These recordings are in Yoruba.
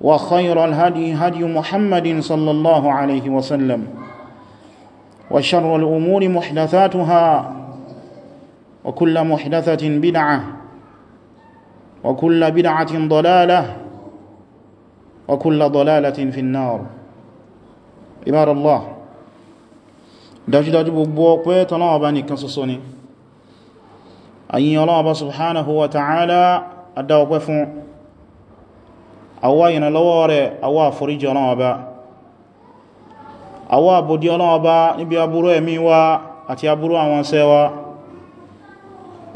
وخير الهدي هدي محمد صلى الله عليه وسلم وشر الأمور محدثاتها وكل محدثة بدعة وكل بدعة ضلالة وكل ضلالة في النار إبار الله dájúdájú gbogbo ببوك tọ́lọ́wọ́ bá nìkan ṣoṣo ni ayin ọlọ́wọ́ bá subhanahu àwa ìrànlọ́wọ́ rẹ̀ àwa àforíjì Ọlọ́run Ọba àwa àbòdí Ọlọ́run Ọba níbi aburú ẹ̀mí wa àti aburú àwọn ṣẹ́ wa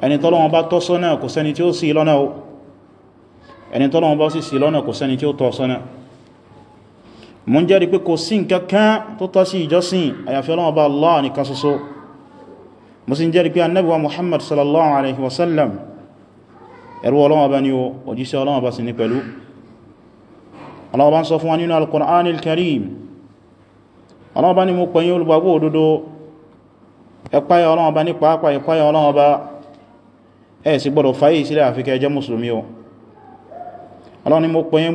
ẹni tọ́lọ́run bá tọ́ sọ́nà kò sẹ́ni tí ó ṣì lọ́nà o ẹni tọ́lọ́run bá sì ṣì lọ́nà kò sẹ́ni tí ó tọ́ sọ́nà mo ń jẹ́rìí pé kò sí nǹkan tó tọ́ sí ìjọsìn àyàfi Ọlọ́run Ọba Allah nìkan ṣoṣo mo sì ń jẹ́rìí pé annabuwa Muhammad sallallahu alaihi wasallam ẹrú Ọlọ́run Ọba ni o òjíṣẹ́ Ọlọ́run Ọba sì ni pẹ̀lú Allah bá ń sọ fún wa nínú al-Qur'anil Karim Allah bá ní mo pẹ̀yìn olùgbàgbọ́ òdodo ẹ̀páyà Allah bá ní pàápàá ẹ̀páyà Allah bá ẹ̀ sì gbọ́dọ̀ fàyè sílẹ̀ àfikẹ́ jẹ́ mùsùlùmí o Allah ní mo pẹ̀yìn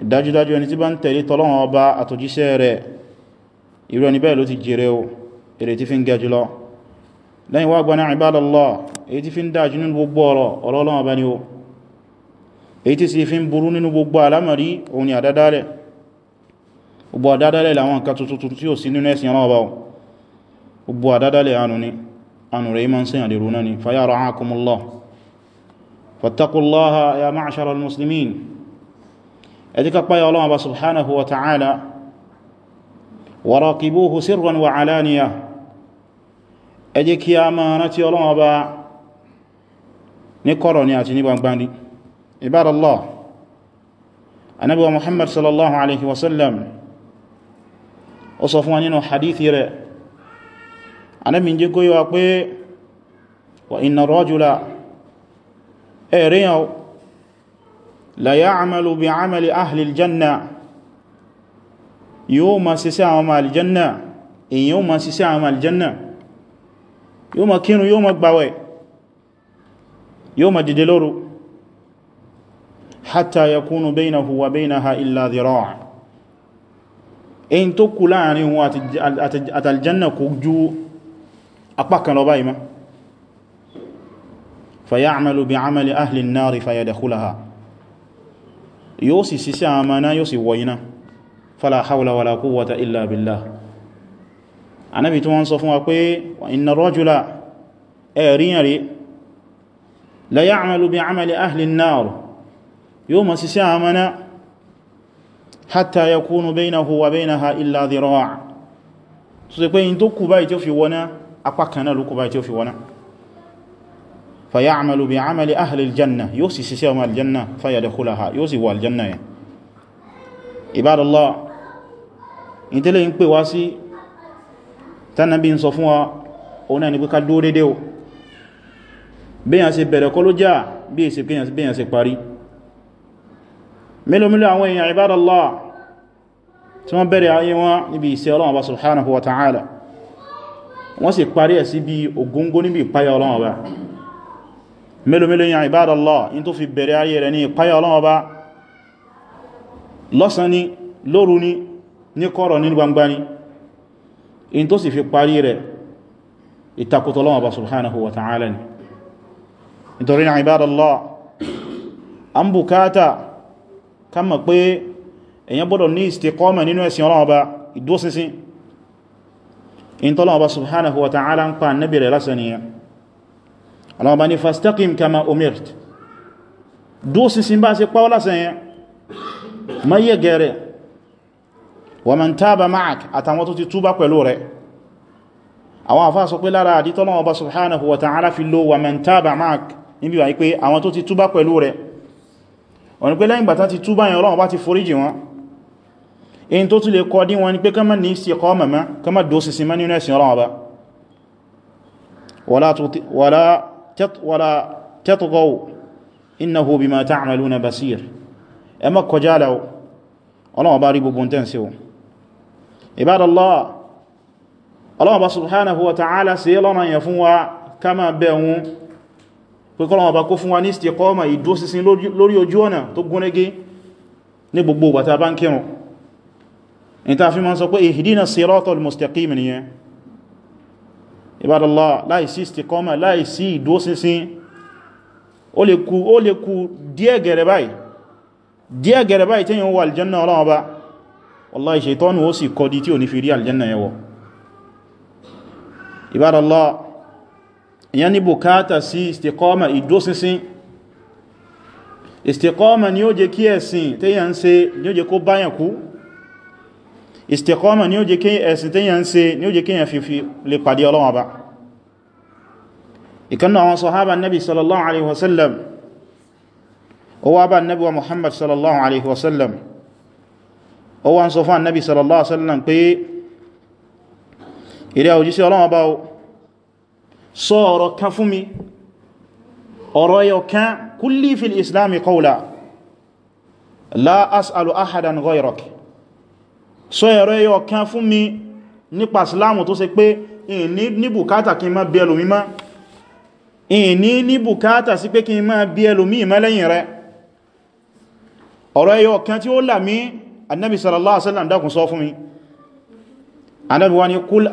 dájúdájú ẹni tí bá ń tẹ̀lé tọ́lọ́wọ́n ọba àtòjíṣẹ́ rẹ̀ irú ẹni bẹ́ẹ̀ ló ti jèrè o èrè tí fi ń gẹ jùlọ lẹ́yìn wá gbaná ibadallah èyí tí fi ń dájú nínú gbogbo ọ̀rọ̀ ọlọ́lọ́wọ́n ọba ni o èyí tí sì fi ń burú nínú gbogbo alámọ̀rí òun ni àdádálẹ̀ gbogbo àdádálẹ̀ làwọn nǹkan tuntun ẹjíká páyà Ọlọ́run Ọba subhanahu wa ta'ala wa raqibuhu sirran wa alaniya ẹjẹ́ kí a máa rántí Ọlọ́run Ọba ní kọ̀rọ̀ ni àti ní gbangbani ibadallah Ànábì wa Muhammad sallallahu alaihi wasallam ó sọ fún wa nínú la ya'malu bi 'amali ahli aljanna yóò ma ṣiṣẹ́ àwọn ọmọ aljanna èyí yóò ma ṣiṣẹ́ àwọn ọmọ aljanna yóò ma kírun yóò ma gbàwẹ̀ yóò ma dìde lóru hatta yakunu baynahu wa baynaha illa dhira' èyí tó kù láàrin wọn àtàljanna kò ju apákan lọ báyìí ma fa ya'malu bi 'amali ahli an-nar fa yadkhulaha yóò sì sísẹ́ àwọn ọmọ náà yóò sì wọ iná fala hawla wala quwwata illa billah anábi tí wọ́n sọ fún wa pé inna rajula ẹ̀ríyàn rí la ya'malu bi 'amali ahli an-nar yóò ma sísẹ́ àwọn ọmọ náà hatta yakunu baynahu wa فيعمل بعمل أهل الجنة يوسي سيسيوم الجنة فيدخلها يوسي والجنة عباد الله انت لئي انكوي واسي tánàbí ń sọ fún wa ọ̀nà ní pé ká dúró dédé o bíyàn ṣe bẹ̀rẹ̀ kọ́ ló já bí i ṣe bíyàn ṣe parí mélòmílò àwọn èèyàn ibádallá tí wọ́n mélòmélò yàn ibadallah in tó fi bẹ̀rẹ̀ ayé rẹ̀ ní ìpáyà Ọlọ́run Ọba lọ́sàn ni lóru ni ní kọ̀rọ̀ ní gbangba ni in tó sì fi parí rẹ̀ ìtakùtọ̀ Ọlọ́run Ọba subhanahu wa ta'ala ni nítorí náà ibadallah an bukata kan mọ̀ pé èyàn gbọ́dọ̀ ní istiqama nínú ẹ̀sìn Ọlọ́run Ọba ìdúróṣinṣin subhanahu wa ta'ala ń pa annabi rẹ̀ lásán Allah bá ní fastaqim kama umirt dúó sinsin bá sí pàwọ́lá sẹ́yẹn ma yẹ gẹ̀rẹ̀ wa man taba ma'ak àtàwọn tó ti túbá pẹ̀lú rẹ̀ àwọn àfá sọ pé lára àdítọ́lọ́wọ́ bá subhanahu wa ta'ala fi lo wa man taba ma'ak níbi wà pé àwọn tó ti túbá pẹ̀lú rẹ̀ wọ́n ni pé lẹ́yìn gbàtán ti túbá yẹn Ọlọ́run bá ti foríjì wọn in tó tún lè kọ́ dí wọn ni pé kama ní istiqama mọ́ kama dó sinsin mọ́ nínú ẹ̀sìn Ọlọ́run bá wala ولا تطغوا إنه بما تعملون بصير أما كجالو الله باري ببون تنسيو عباد الله الله سبحانه وتعالى سيلنا يفوا كما بيون pẹ̀kọ́lọ̀ ọba kó fún wa ní istiqama ìdúróṣinṣin lórí ojú ọ̀nà tó gúnrégé ní gbogbo ìgbà tá a bá ń kírun ìta fi ma ń sọ pé ihdinas siratal mustaqim nìyẹn ibadallá láìsí istikọ́mà láìsí ìdóṣinṣin ó lè kù ó lè kù díẹ̀ gẹ̀rẹ̀ báyìí díẹ̀ gẹ̀rẹ̀ báyìí tí yíò wà aljanna ọlọ́wọ́ bá wallahi ṣaitọ́nù ó sì kọ́ di tí ò ní fi rí aljanna yẹwọ ibadallá ìyẹn ní bùkátà sí istikọ́mà ìdóṣinṣin istikọ́mà ni ó jẹ́ kí ẹ̀sìn istiqama ni ó jẹ́ kí ẹ̀sìn tẹ́yàn ṣe ni ó jẹ́ kí ẹ̀yàn fi lè pàdé Ọlọ́run Ọba ìkannu àwọn sahaba nabi sallallahu alaihi wasallam ó wá bá nabi wa muhammad sallallahu alaihi wasallam ó wá ń sọ fún nabi sallallahu alaihi wasallam pé ìrẹ́ òjíṣẹ́ Ọlọ́run Ọba sọ ọ̀rọ̀ kan fún mi ọ̀rọ̀ yọ kan kulli fil islami qawla la as'alu ahadan ghayrak sọ ẹ̀rọ ẹyọ kan fún mi nípa Islam tó ṣe pé ìní ní bùkátà kí n má bí ẹlòmí má ìní ní bùkátà sí pé kí n má bí ẹlòmí má lẹ́yìn rẹ ọ̀rọ̀ ẹyọ kan tí ó là mí annabi sallallahu alaihi wasallam dákun sọ fún mi annabi wani kul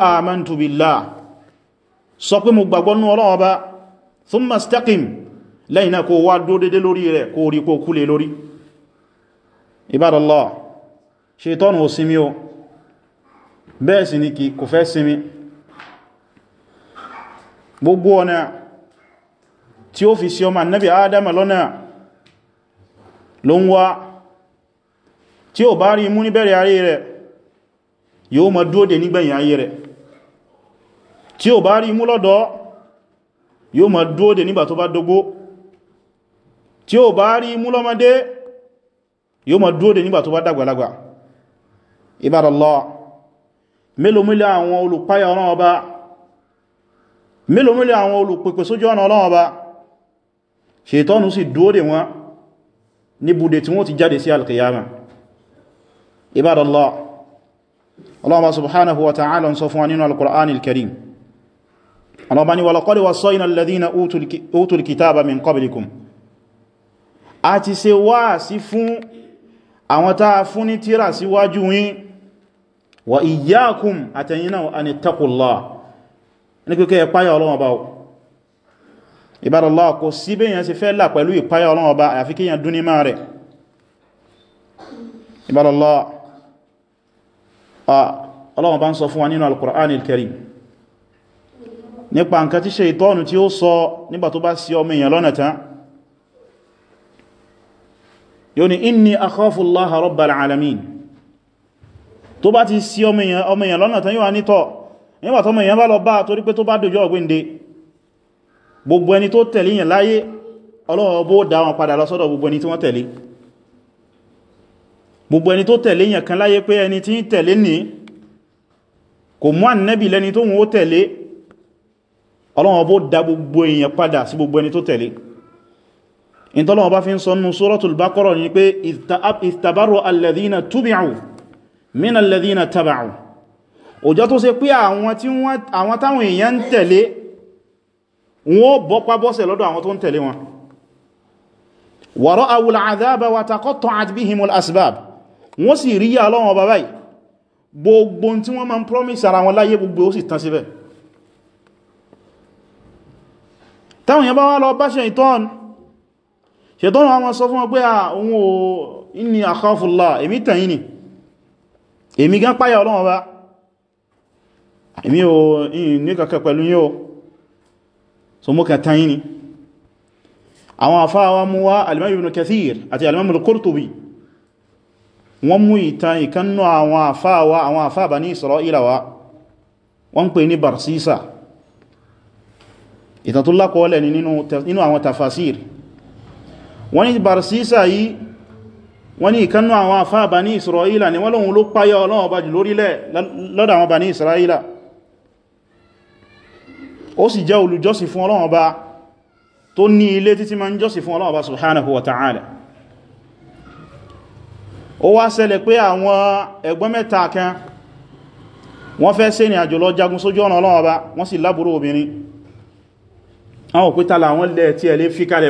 ṣetọ́nù ò sinmi o bẹ́ẹ̀ sì ni kì kò fẹ́ sinmi gbogbo ọ̀nà tí ó fi sí ọmọ annabi adam lọ́nà ló ń wá tí ó bá rí mú ní bẹ̀rẹ̀ ayé rẹ̀ yóò mọ dúódé nígbẹ̀yìn ayé rẹ̀ tí ó bá rí mú lọ́dọ̀ yóò mọ dúódé nígbà tó bá dógbó tí ó bá rí mú lọ́mọdé yóò mọ dúódé nígbà tó bá dàgbàlagbà ibadallá mélòmílẹ̀ àwọn olùpáyà ọlọ́wọ́ bá mélòmílẹ̀ àwọn olùpẹ̀pẹ̀ sójú ọ̀nà ọlọ́wọ́ bá ṣètọ́nù sì dúó dè wọn níbùdè tí wọ́n ti jáde sí alkiyama ibadallá Allah subhanahu wa ta'ala ń sọ fún wa nínú al-Qur'anil Karim Allah bá ní wa laqad wassayna alladhina utul kitaba min qablikum a ti ṣe wá sí fún àwọn tá fún ní tírà síwájú yín wa iyyakum atayina an ittaqullah ní pé kẹ́ páyà Ọlọ́run Ọba o ibadallah kò sí be yan ṣe fẹ́ là pẹ̀lú ìpáyà Ọlọ́run Ọba àfi kí yan duni ma rẹ̀ ibadallah ah Ọlọ́run Ọba ń sọ fún wa nínú alquranil karim nípa nǹkan tí ṣaitọ́nù tí ó sọ nígbà tó bá sí ọmọ èèyàn lọ́nà tán yóò inni akhafu allaha rabbal alamin tó bá ti sí ọmọ èèyàn lọ́nà tán yíwa nítọ̀ nígbà tọ́mọ èèyàn bá lọ bá torí pé tó bá dójú ọgbìnde gbogbo ẹni tó tẹ̀lé yẹn láyé Ọlọ́run bó dá wọn padà lọ sọ́dọ̀ gbogbo ẹni tí wọ́n tẹ̀lé gbogbo ẹni tó tẹ̀lé yẹn kan láyé pé ẹni tí ń tẹ̀lé ní kò mú ànẹ́bì lẹ́ni tó wọ́n tẹ̀lé Ọlọ́run bó dá gbogbo èèyàn bá fi ń sọ nínú Suratul ni pé istabaru alladhina tubi'u min alladhina taba'u òjò tó ṣe pé àwọn táwọn èèyàn ń tẹ̀lé wọ́n bọ́pá bọ́sẹ̀ lọ́dọ̀ àwọn tó ń tẹ̀lé wọn wa ra'awu al-'adhaba wa taqatta'at bihimul asbab wọ́n sì rí yà lọ́wọ́ bàbá yìí gbogbo tí wọ́n ma èmi gan páyà ọlọ́run bá èmi ò ní kankan pẹ̀lú yíò so mọ́ kàtà yìí ni àwọn àfáàwà mú wá alimami ibn kathir àti alimami al-qurtubi wọ́n mú ìtàn ìkannú àwọn àfáàwà àwọn àfáàbà ní isra'ila wa wọ́n pè ní barsisa ìtàn nínú àwọn tafasir wọ́n ni barsisa yìí wọ́n ní ìkannú àwọn afá bani isra'ila ni wọ́n lóhun ló páyá ọlọ́wọ́ bá jù lórílẹ̀ lọ́dọ̀ àwọn bani isra'ila ó sì jẹ́ olùjọ́sìn fún ọlọ́wọ́ bá tó ní ilé títí ma ń jọ́sìn fún ọlọ́wọ́ bá subhanahu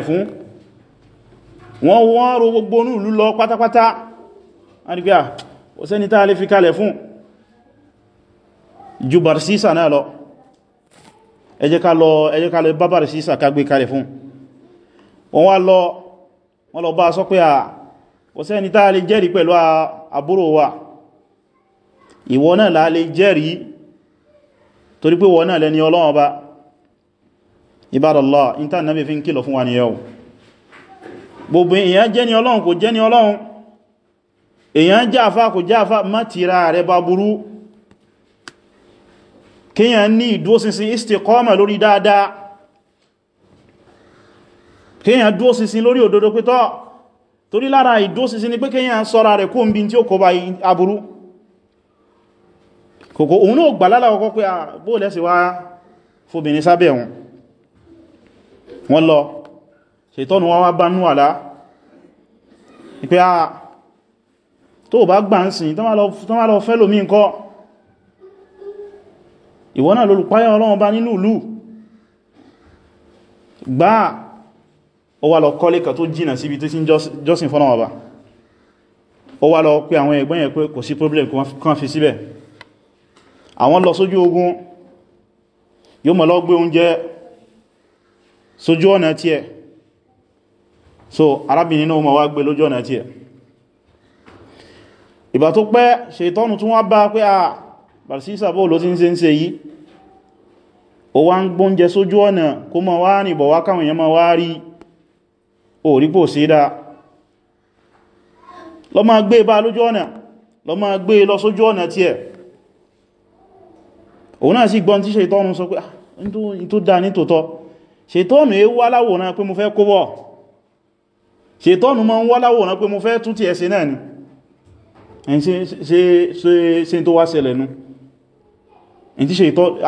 fún wọ́n wọ́n ro gbogbo onú ìlú lọ pátápátá a ní pé à ó sẹ́ni tá a lè fi kalẹ̀ fún ju Barsisa náà lọ ẹ jẹ́ ká lọ ẹ jẹ́ ká lọ bá Barsisa ká gbé kalẹ̀ fún wọ́n wá lọ wọ́n lọ bá sọ pé à ó sẹ́ni tá lè jẹ́rìí pẹ̀lú àbúrò wa ìwọ náà la lè jẹ́rìí torí pé wọ́n náà lẹ́ni Ọlọ́run ba ibadallah intan nabi fi ń kìlọ̀ fún wa ni yau gbogbo èyàn jẹ́ ni ọlọ́run kò jẹ́ ni ọlọ́run èyàn jẹ́ àfá kò jẹ́ àfá má tira rẹ̀ bá burú kíyàn ní ìdúósinsin istiqama lórí dáadáa kíyàn dúósinsin lórí òdodo pítọ́ torí lára ìdúósinsin ni pé kíyàn sọ́ra rẹ̀ kó ń bí tí ó kó bá aburú kòkó òun náà gbà lálàwọ̀ kọ́ pé ah, bóòlẹ́sì wá fóbìnrin sábẹ̀ wọn lọ ṣètọ́nù wọn wá bá nú àlá ìpé a tó bá gbà ń sìn tó má lọ fẹ́ lómi ǹkọ́ ìwọ náà lólùpáyà ọlọ́wọ́n bá nínú ìlú gbá ó wá lọ kọ́lé kan tó jìnà síbi tó sí jọ́sìn fọ́nà ọba ó wá lọ pé àwọn ẹ̀gbọ́n yẹn pé kò sí problem kan fi síbẹ̀ àwọn lọ sójú ogun yóò mọ̀ lọ gbé oúnjẹ sójú ọ̀nà tí ẹ̀ so arábìnrin náà ma wá gbé lójú ọ̀nà tí ẹ̀ ìgbà tó pẹ́ ṣètọ́nù tún wá bá pé à barsisa bó ló ti ń ṣe ń ṣe yìí ó wá ń gbóúnjẹ sójú ọ̀nà kó ma wá rìn bọ̀ wá káwọn èèyàn ma wá rí òrípò sí dáa lọ ma gbé e bá lójú ọ̀nà lọ ma gbé e lọ sójú ọ̀nà tí ẹ̀ òun náà sì gbọ́n tí ṣètọ́nù sọ pé ah ní tó dáa ní tòótọ́ ṣètọ́nù é wá láwòrán pé mo fẹ́ kó bọ̀ ṣètọ́nù ma ń wá láwòrán pé mo fẹ́ tún ti ẹ̀ṣẹ̀ náà ni ṣe tó wá ṣẹlẹ̀ nú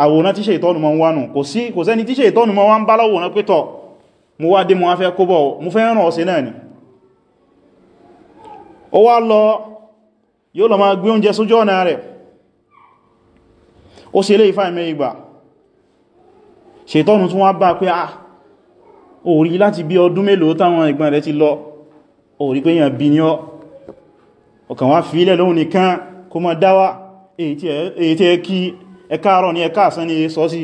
àwòrán tí ṣètọ́nù ma ń wá nù kò sẹ́ni tí ṣètọ́nù ma wá ń bá láwòrán pé tọ́ mo wá dé mo wá fẹ́ kóbọ̀ mo fẹ́ ràn ọ̀ṣẹ̀ náà ni ó wá lọ yóò lọ máa gbé oúnjẹ sójú ọ̀nà rẹ̀ ó ṣe lè ìfà ìmẹ́ ìgbà ṣètọ́nù tún wá bá pé ah orí láti bí ọdún mélòó táwọn ìgbọ́n rẹ̀ ti lọ orí pé yàn bí ní ọ ọkàn wá fi ilẹ̀ lóhun nìkan kó mọ́ dáwà èyí tí ẹ ẹka àárọ̀ ní ẹka àsán ní sọ sí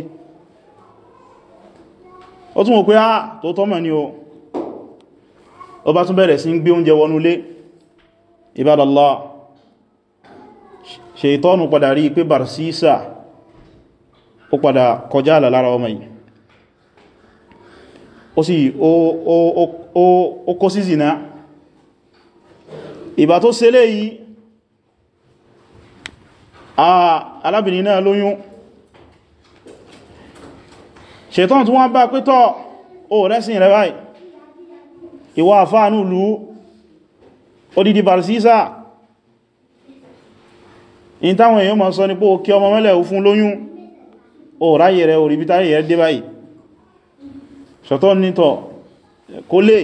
ó tún wò pé áà tó tọ́mọ̀ ni o ó bá tún bẹ̀rẹ̀ sí ń gbé oúnjẹ wọnú lé Ibadallah ṣe ìtọ́nù ó sì ó kó sí zina ìbá tó ṣẹlẹ̀ yìí alábìnrin náà lóyún ṣètọ́n tí wọ́n bá pẹ́tọ́ ó rẹ́sìn rẹ̀ báyìí ìwọ àfáànù lú odidi barisisa in táwọn èèyàn ma sọ ní pé ó kí ọmọ mẹ́lẹ̀ fún lóyún ó ráyẹ̀ rẹ̀ orí bí táyẹ̀ dé báyìí ṣọ̀tọ́ nítọ̀ kó lè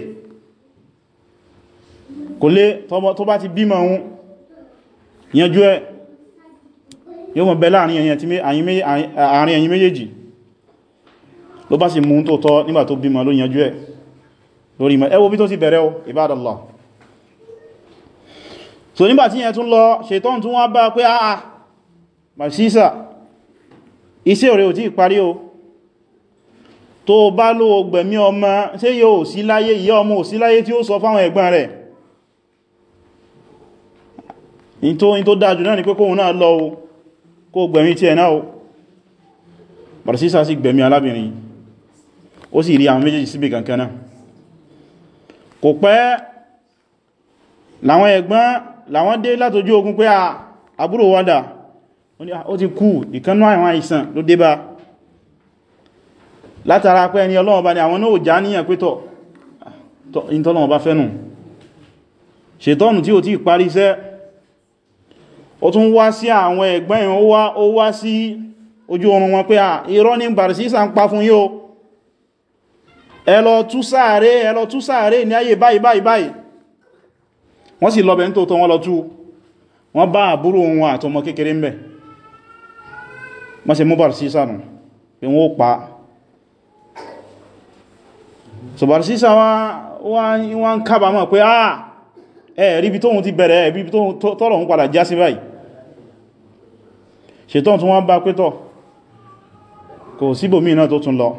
kó lè tó bá ti bímọ ohun yanjú ẹ yóò mọ̀ bẹ láàrin ẹ̀yin méjèèjì ló bá sì mú tó tọ́ nígbà tó bímọ ló yanjú ẹ lórí mọ̀ ẹ wo bí tó ti bẹ̀rẹ̀ o ibadallah so nígbàtí yẹn tún lọ ṣetán tún wá bá pé àà bà sísà iṣẹ́ ọ̀rẹ́ ò tí parí o tó bá lówó gbẹ̀mí ọmọ ṣé yóò sí láyé ìyá ọmọ ò sí láyé tí ó sọ fáwọn ẹ̀gbọ́n rẹ̀ in tó dájú náà ni pé kóhun náà lọ o kó gbẹ̀mí tí ẹ̀ náà o Barsisa sì gbẹ̀mí alábìnrin ó sì rí àwọn méjèèjì síbì kankan náà látara pé ẹni Ọlọ́run bá ní àwọn náà já níyàn pé tọ́ ìntọ́lọ́run bá fẹ́nu ṣètọ́nù tí ó ti parí iṣẹ́ ó tún wá sí àwọn ẹ̀gbọ́n ìwọ́n wá ó wá sí ojú oorun wọn pé irọ́ ní Barsisa ń pa fún yíò ẹ lọ tú sáré ẹ lọ tú sáré so Barsisa wá ń kábàmọ̀ pé ah ẹ̀rí bí tóhun ti bẹ̀rẹ̀ ẹ̀bí tọ́rọ̀ ń padà já sí báyìí ṣetán tún wọ́n bá pẹ́tọ̀ kò síbòmí náà tó tún lọ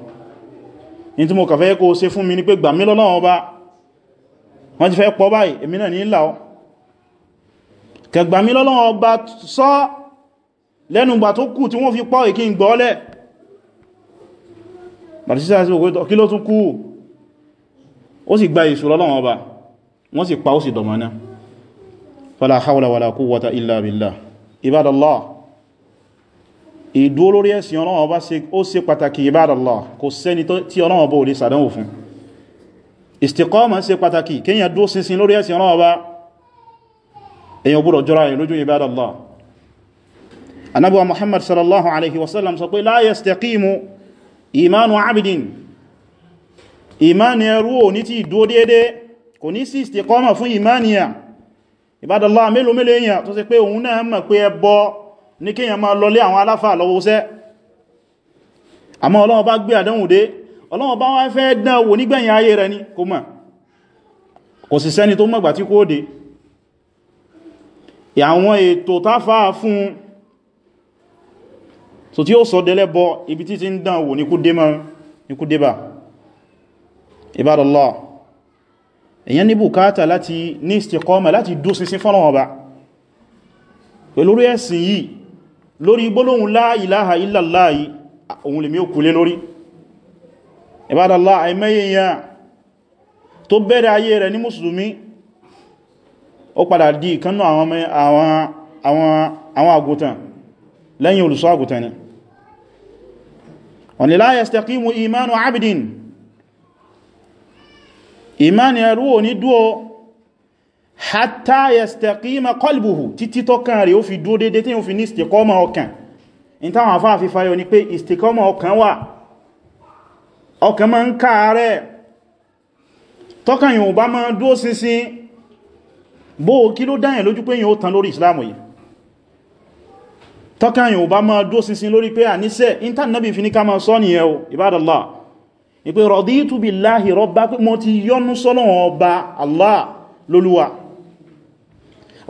ní tí mo kàfẹ́ kó ṣe fún mi ní pé gbà mí lọ́lọ́wọ́ bá wọ́n ti fẹ́ pọ̀ báyìí èmi náà ní ìlà ọ́ kẹgbà mí lọ́lọ́wọ́ bá sọ ó sì gba èṣù lọ́lọ́wọ́ ọba wọ́n sì pa ó sì dọ̀mọ́ná fala hawla wala quwwata illa billah ibadallah ìdúró lórí ẹ̀sìn Ọlọ́run ọba ó ṣe pàtàkì ibadallah kò sẹ́ni tí Ọlọ́run ọba ò lè sàdánwò fún istiqama ṣe pàtàkì kíyàn dúró ṣinṣin lórí ẹ̀sìn Ọlọ́run ọba èyàn gbọ́dọ̀ jọra ẹ̀ lójú ibadallah ìmáni ẹrú ò ní ti ìdó dédé kò ní sí istiqama fún ìmáni à ìbádọ́lá mélòó mélòó èèyàn tó ṣe pé òun náà mọ̀ pé ẹbọ ní kíyàn máa lọlé àwọn aláfà lọ́wọ́sẹ́ àmọ́ Ọlọ́run bá gbé àdánwò dé Ọlọ́run bá wá fẹ́ dán wò nígbẹ̀yìn ayé rẹ̀ ní kò ibadallah èyàn ní bùkátà láti ní istiqama láti dó sínsín fọ́nà ọba pẹ̀lú ẹ̀sìn yìí lórí gbólóhùn la ilaha illallah ohun lè mí ó kúlé lórí ibadallah àìmẹ́yẹ̀yà tó bẹ̀rẹ̀ ayé rẹ̀ ní mùsùlùmí ó padà di ìkannú àwọn àgùtàn lẹ́yìn olùṣọ́ àgùtàn ni wọ́n ni la ìmáni ẹrú ò ní dúó hatta yastaqima qalbuhu títí tọ́kàn rẹ̀ ó fi dúó dédé tí ó fi ní istikọ́mà ọkàn in táwọn afá fi fayọ ni pé istikọ́mà ọkàn wà ọkàn ma ń káàrẹ̀ tọ́kàn yóò bá ma dúó ṣinṣin bó kí ló dáyẹ̀ lójú pé yóò tán lórí islam yìí tọ́kàn yóò bá ma dúó ṣinṣin lórí pé à níṣẹ́ in tán fi ní ká ma sọ́ nìyẹn o ibadallah ní pé raditu billahi rabba pé mo ti yọ́nú sọ́lọ́wọ́n ọba Allah lólúwa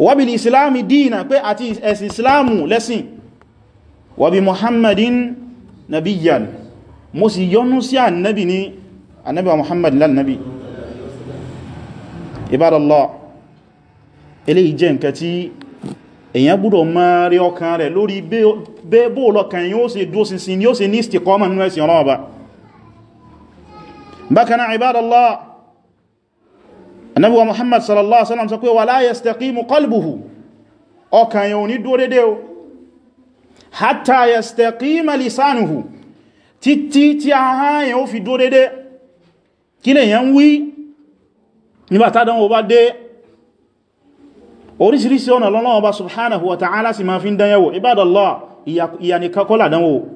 wa bil islami dina pé àti ẹ̀sìn islamu lẹ́sìn wa bi muhammadin nabiyyan mo sì yọ́nú sí annabi ni annabi wa muhammad lánnabi ibadallah eléyìí jẹ́ nǹkan tí èyàn gbọ́dọ̀ máa rí ọkàn rẹ̀ lórí bẹ́ẹ̀bọ́ lọ́kàn yóò ṣe dúó sinsin yóò ṣe ní istikọ́mà nínú ẹ̀sìn ọlọ́ọ̀bá bákaná ibadallah anabuwa muhammad sallallahu alaihi wasallam sọ pé wala yastaqimu qalbuhu ọkàn yóò ní dúró dédé o hatta yastaqima lisanuhu títí tí ahán yóò fi dúró dédé kí lè yẹn wí nígbàtá dánwò bá dé orísìírísìí ọ̀nà lọ́nà ọba subhanahu wa ta'ala sì ma fi ń dánwò ibadallah ìyànìkakọ́lá dánwò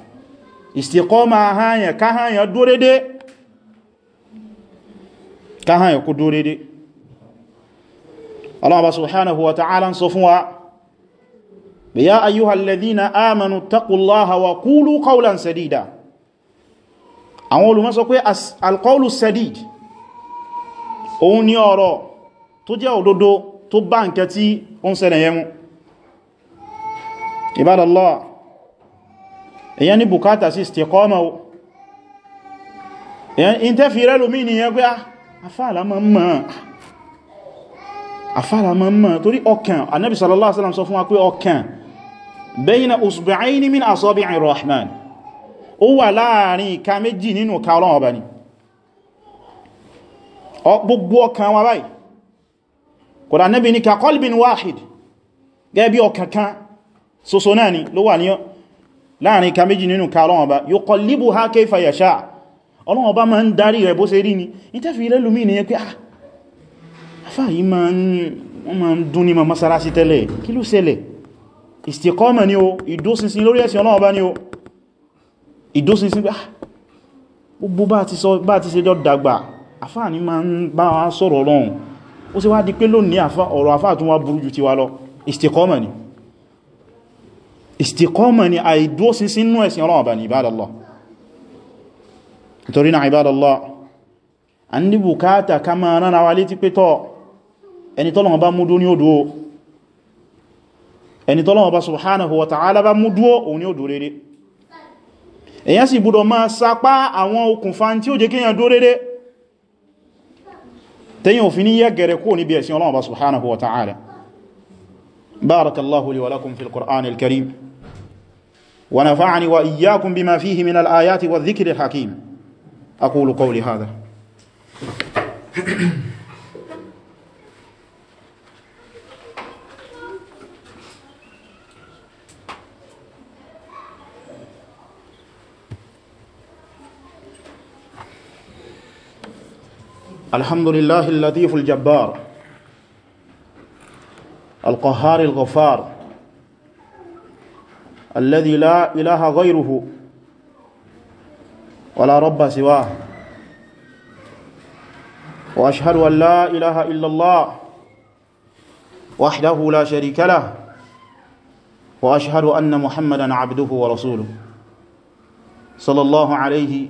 ìsìkọ́mà ahányàn káhányàn dúrédé káhányàn kú dúrédé Allah subhanahu wa ta'ala ń sọ fún wa bí yá ayyuhal ladhina amanu taqullaha wa qulu qawlan sadida àwọn olùmọ̀ sọ pé alqawlu sadid òun ni ọ̀rọ̀ tó jẹ́ òdodo tó bá nkẹ ó ń ṣẹlẹ̀ yẹmu ibadallah èyàn ní bùkátà sí istiqama o èyàn in tẹ́ fi rẹ́lùmí ni yẹn pé afáàlá ah, ma ń mọ̀ afáàlá ma ń mọ̀ torí ọkàn anábi sallallahu alaihi wasallam sọ fún wa pé ọkàn bayna usbu'ayni min asabi'ir rahman ó wà láàrin ìka méjì nínú ìka Ọlọ́run ọba ni gbogbo ọkàn wa báyìí kódà láàrin ka méjì nínú ka Ọlọ́run Ọba yuqallibuha kayfa yasha Ọlọ́run Ọba ma ń darí rẹ̀ bó ṣe rí ni ìtẹ́fì ilẹ̀ lómi ni yẹ pé ah, àfá yìí ma ń dún ní masalasi tẹ́lẹ̀ kí ló ṣẹlẹ̀ istiqama ni o ìdósinsin lórí ẹ̀sìn Ọlọ́run Ọba ni o ìdósinsin pé ah, gbogbo bá ti ṣe jọ dàgbà àfá ni ma ó sì istiqama ni àìdúó sínsín nú ẹ̀sìn ọlọ́wọ́ bá ní ibadallah nítorí náà ibadallah a ní bukata ká máa rán ara létí pé tọ́ ẹni tọ́lọ́wọ́ bá mú dúó ní odò ẹni tọ́lọ́wọ́ bá subhanahu wa ta'ala bá mú dúó òun ní odò rere èyàn sì gbọ́dọ̀ máa sapá àwọn okùnfà tí ó jẹ́ kíyàn dúó rere tẹ́yìn òfin ní yẹ́gẹ̀rẹ̀ kó níbi ẹ̀sìn ọlọ́wọ́ bá subhanahu wa ta'ala بارك الله لي ولكم في القرآن الكريم ونفعني وإياكم بما فيه من الآيات والذكر الحكيم أقول قولي هذا الحمد لله اللطيف الجبار القهار الغفار الذي لا إله غيره ولا رب سواه وأشهد أن لا إله إلا الله وحده لا شريك له وأشهد أن محمدا عبده ورسوله صلى الله عليه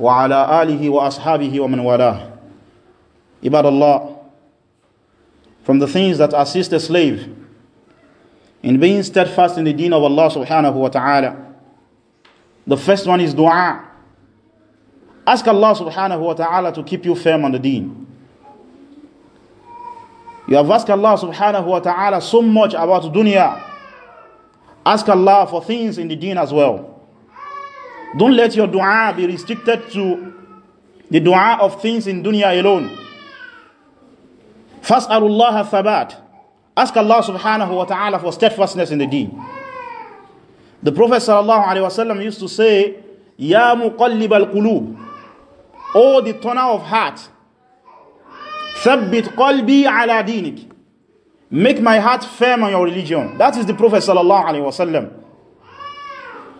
وعلى آله وأصحابه ومن والاه Ibad الله from the things that assist a slave in being steadfast in the deen of Allah subhanahu wa ta'ala. The first one is dua. Ask Allah subhanahu wa ta'ala to keep you firm on the deen. You have asked Allah subhanahu wa ta'ala so much about dunya. Ask Allah for things in the deen as well. Don't let your dua be restricted to the dua of things in dunya alone. فَاسْأَلُ اللَّهَ ثَبَاتٍ Ask Allah subhanahu wa ta'ala for steadfastness in the deen. The Prophet sallallahu alaihi wasallam used to say, Ya muqallib al-qulub, O the turner of heart, ثبت قلبي على دينك Make my heart firm on your religion. That is the Prophet sallallahu alaihi wasallam.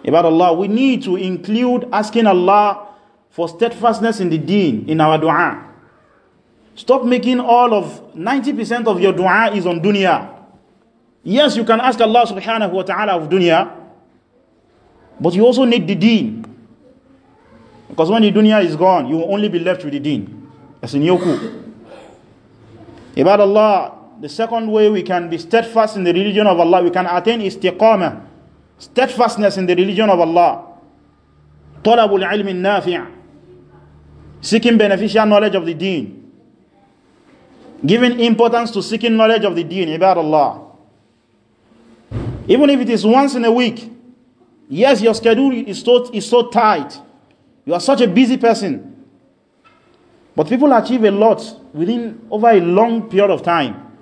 About Allah, we need to include asking Allah for steadfastness in the deen in our dua. Stop making all of 90% of your dua is on dunya. Yes, you can ask Allah subhanahu wa ta'ala of dunya, but you also need the deen. Because when the dunya is gone, you will only be left with the deen. As in Yoku. Ibad Allah, the second way we can be steadfast in the religion of Allah, we can attain istiqamah, steadfastness in the religion of Allah. طلب العلم النافع seeking beneficial knowledge of the deen giving importance to seeking knowledge of the deen, about Allah. Even if it is once in a week, yes, your schedule is so, is so tight. You are such a busy person. But people achieve a lot within over a long period of time.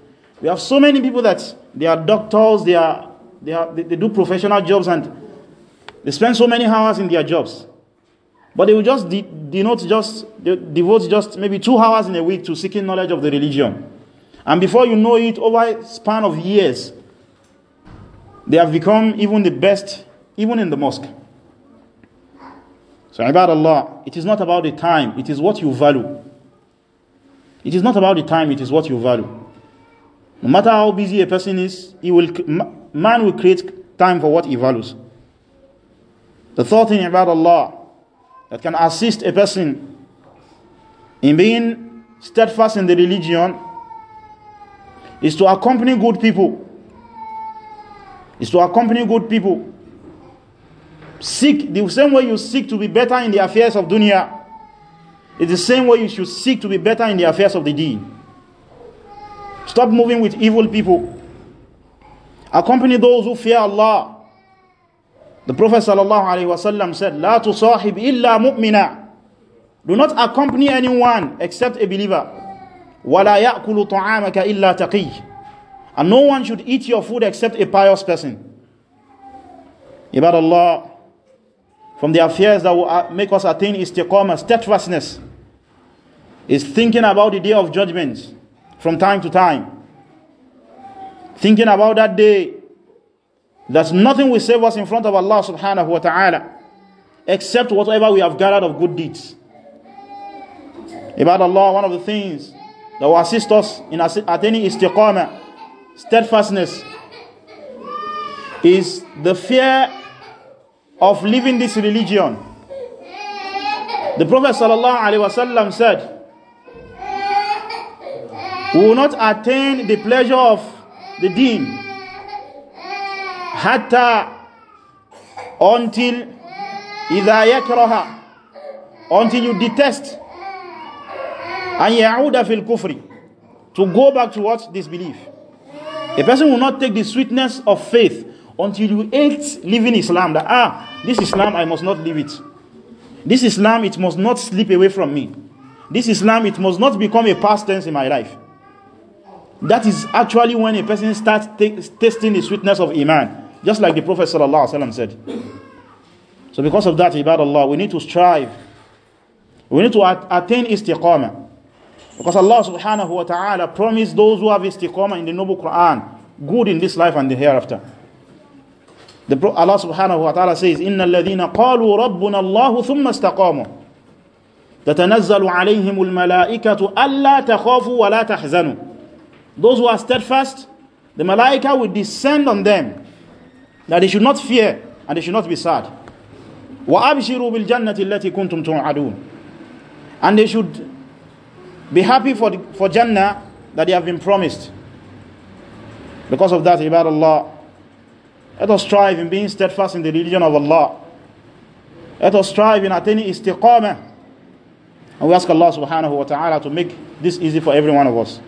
We have so many people that they are doctors, they, are, they, are, they, they do professional jobs, and they spend so many hours in their jobs. But they will just de denote just de devote just maybe two hours in a week to seeking knowledge of the religion. And before you know it, over a span of years, they have become even the best, even in the mosque. So, about Allah, it is not about the time, it is what you value. It is not about the time, it is what you value. No matter how busy a person is, he will, man will create time for what he values. The third thing about Allah that can assist a person in being steadfast in the religion is to accompany good people is to accompany good people seek the same way you seek to be better in the affairs of dunya it's the same way you should seek to be better in the affairs of the deen stop moving with evil people accompany those who fear Allah the Prophet ﷺ said, La تصاحب sahib illa Do not accompany anyone except a believer. ولا يأكل طعامك إلا taqi. And no one should eat your food except a pious person. Ibad Allah, from the affairs that will uh, make us attain istiqamah, steadfastness, is thinking about the day of judgment from time to time. Thinking about that day that nothing will save us in front of Allah subhanahu wa ta'ala except whatever we have gathered of good deeds. About Allah, one of the things that will assist us in attaining istiqamah, steadfastness, is the fear of leaving this religion. The Prophet sallallahu alaihi wasallam said, "We will not attain the pleasure of the Deen hatta until idha yakraha until you detest and ya'uda fil kufri to go back to what disbelief a person will not take the sweetness of faith until you hate leaving islam that ah this islam i must not leave it this islam it must not slip away from me this islam it must not become a past tense in my life that is actually when a person starts tasting the sweetness of iman just like the Prophet said. So because of that, Allah, we need to strive. We need to attain istiqamah. Because Allah subhanahu wa ta'ala promised those who have istiqamah in the noble Quran good in this life and the hereafter. The, Allah subhanahu wa ta'ala says, إِنَّ الَّذِينَ قَالُوا رَبُّنَا اللَّهُ ثُمَّ اسْتَقَامُوا تَتَنَزَّلُ عَلَيْهِمُ الْمَلَائِكَةُ أَلَّا تَخَافُوا وَلَا تَحْزَنُوا Those who are steadfast, the malaika will descend on them that they should not fear and they should not be sad. وَأَبْشِرُوا بِالْجَنَّةِ الَّتِي كُنْتُمْ تُوعَدُونَ And they should be happy for, the, for Jannah that they have been promised. Because of that, Ibad Allah, let us strive in being steadfast in the religion of Allah. Let us strive in attaining istiqamah. And we ask Allah subhanahu wa ta'ala to make this easy for every one of us.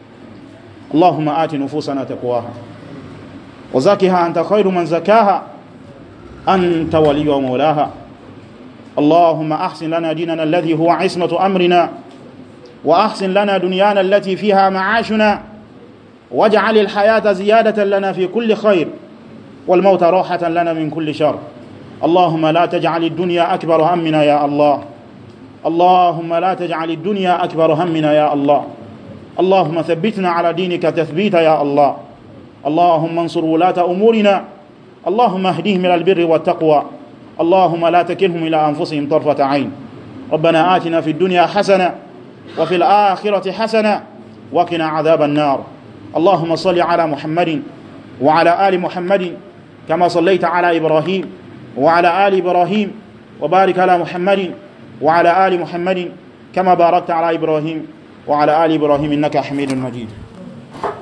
اللهم آت نفوسنا تقواها وزكها أنت خير من زكاها أنت ولي ومولاها اللهم أحسن لنا ديننا الذي هو عصمة أمرنا وأحسن لنا دنيانا التي فيها معاشنا واجعل الحياة زيادة لنا في كل خير والموت راحة لنا من كل شر اللهم لا تجعل الدنيا أكبر همنا يا الله اللهم لا تجعل الدنيا أكبر همنا يا الله اللهم ثبتنا على دينك تثبيتا يا الله اللهم انصر ولاة أمورنا اللهم اهديهم إلى البر والتقوى اللهم لا تكلهم إلى أنفسهم طرفة عين ربنا آتنا في الدنيا حسنة وفي الآخرة حسنة وقنا عذاب النار اللهم صل على محمد وعلى آل محمد كما صليت على إبراهيم وعلى آل إبراهيم وبارك على محمد وعلى آل محمد كما باركت على إبراهيم وعلى آل إبراهيم إنك حميد مجيد